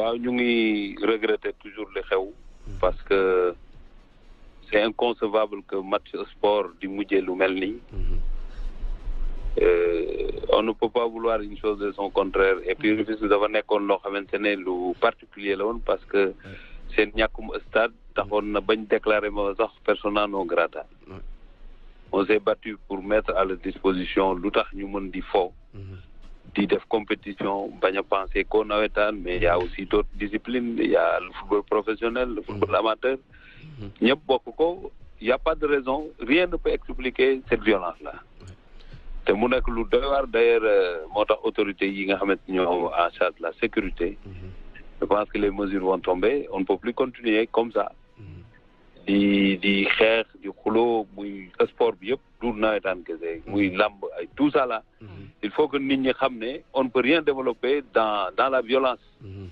Je ñu toujours les xew hmm. parce que c'est inconcevable que match sport du moujé lu mel hmm. euh, on ne peut pas vouloir une chose de son contraire et puis hmm. il dafa nekkoon loo xamante ne lu particulier la parce que c'est un stade taxoon na bañ déclaré ma personne persona non grata on s'est battu pour mettre à la disposition lu tax ñu mën di def compétition mais y a aussi d'autres disciplines il y a le football professionnel le football mm-hmm. amateur mm-hmm. Il n'y y a pas de raison rien ne peut expliquer cette violence là C'est mu nekk lu d'ailleurs euh, moo autorité en charge la sécurité mm-hmm. je pense que les mesures vont tomber on ne peut plus continuer comme ça di di xeex di xuloo muy sport bi yëpp du nawetaan kese muy mm-hmm. làmb ay tout ça là mm-hmm. il faut que nit ñi xam on peut rien développer dans dans la violence mm-hmm.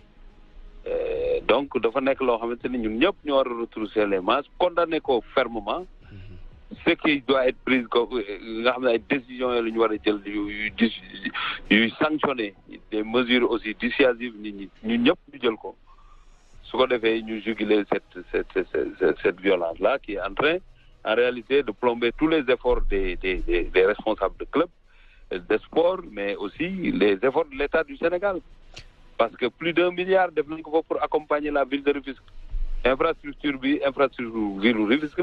euh, donc dafa nek lo xamante ni ñun ñep ñu war retrousser les mains condamner ko fermement ce qui doit être prise ko euh, nga xamné ay décisions yi ñu wara jël yu yu sanctionner des mesures aussi dissuasives nit ñi ñun ñep ñu jël ko ce qu'on devait nous juguler cette violence là qui est en train en réalité de plomber tous les efforts des responsables de clubs de sports, mais aussi les efforts de l'État du Sénégal parce que plus d'un milliard de francs pour accompagner la ville de Rufisque infrastructure bi infrastructure ville Rufisque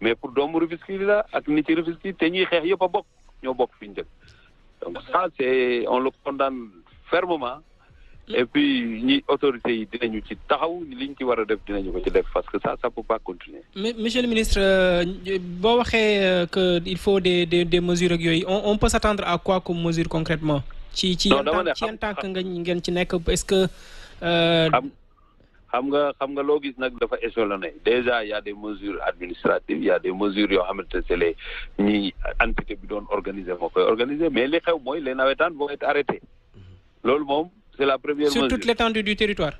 mais pour Dom Rufisque là la ak Rufisque a pas beaucoup, donc ça c'est on le condamne fermement et puis ni autorité yi dinañu ci taxaw ni liñ ci war a def dinañu ko ci def parce que ça ça peut pas continuer. mais monsieur le ministre euh, boo waxee euh, que il faut des des des mesures ak yooyu on on peut s'attendre à quoi comme mesure concrètement. ci ci yan tànk nga ngeen ci nekk est-ce que. Euh, xam nga xam nga loo gis nag dafa échelonné déjà y a des mesures administratives y a des mesures yoo xamante ne c'est les ñi entité bi doon organiser moo koy organiser mais li xew mooy les nawetaan vont être arrêté mhm. loolu moom. C'est la première Sur mesure. toute l'étendue du territoire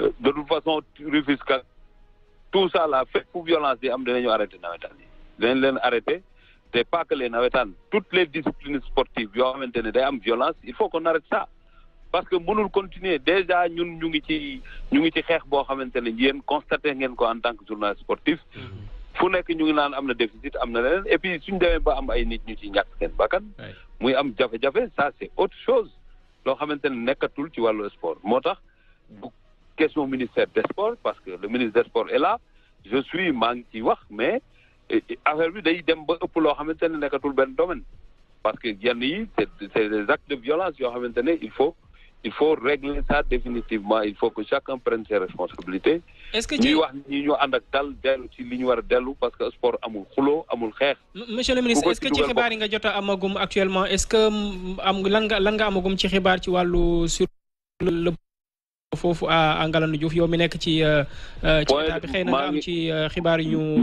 euh, De toute façon, Rufisque, tout ça là, fait pour violence, des hommes de arrêter Navetan. Ils arrêter. C'est pas que les Navetan, toutes les disciplines sportives, des hommes violence, il faut qu'on arrête ça. parce que mënul continuer déjà ñun ñu ngi ci ñu ngi ci xeex boo xamante ne yéen constaté ko en tant que journaliste sportif fu nek ñu ngi naan am na déficit am na leneen et puis suñ demee ba am ay nit ñu ci ñàkk seen bakkan muy am jafe-jafe ça c'est autre chose loo xamante ne nekkatul ci wàllu sport moo tax bu question ministère des sports parce que le ministre des sports est là je suis maa ngi ciy wax mais eh, eh, affaire bi day dem ba ëpp loo xamante ne nekkatul benn domaine parce que yenn yi c'est c'est des actes de violence yoo xamante ne il faut il faut régler ça définitivement il faut que chacun prenne ses responsabilités. est-ce que ñuy wax ñi ñu ànd ak dal dellu parce que sport amul xuloo amul xeex. monsieur le ministre est-ce que ci xibaar yi nga jot amagum actuellement est-ce que am lan nga lan amagum ci ci sur le Fofu à Ngalandou Diouf Yo mi nekk ci. Euh, euh, ci état bi xëy na am ci euh, xibaar ñu.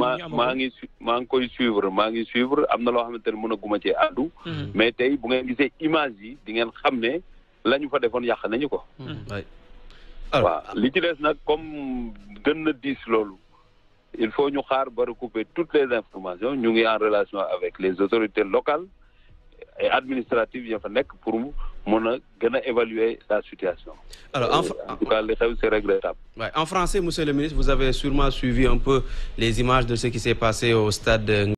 koy suivre maa suivre am na loo xamante ne guma cee àddu. Mm-hmm. mais tey bu ngeen gisee image di ngeen lañu fa defoon yàq nañu ko. Hmm. Hmm. waaw li ci des nag comme gën na diis il faut ñu xaar ba recouper toutes les informations ñu ngi en relation avec les autorités locales et administratives yi fa nekk pour mën a évaluer la situation. alors en, en tout cas li xew regrettable. Ouais. en français monsieur le ministre vous avez sûrement suivi un peu les images de ce qui s'est passé au stade. de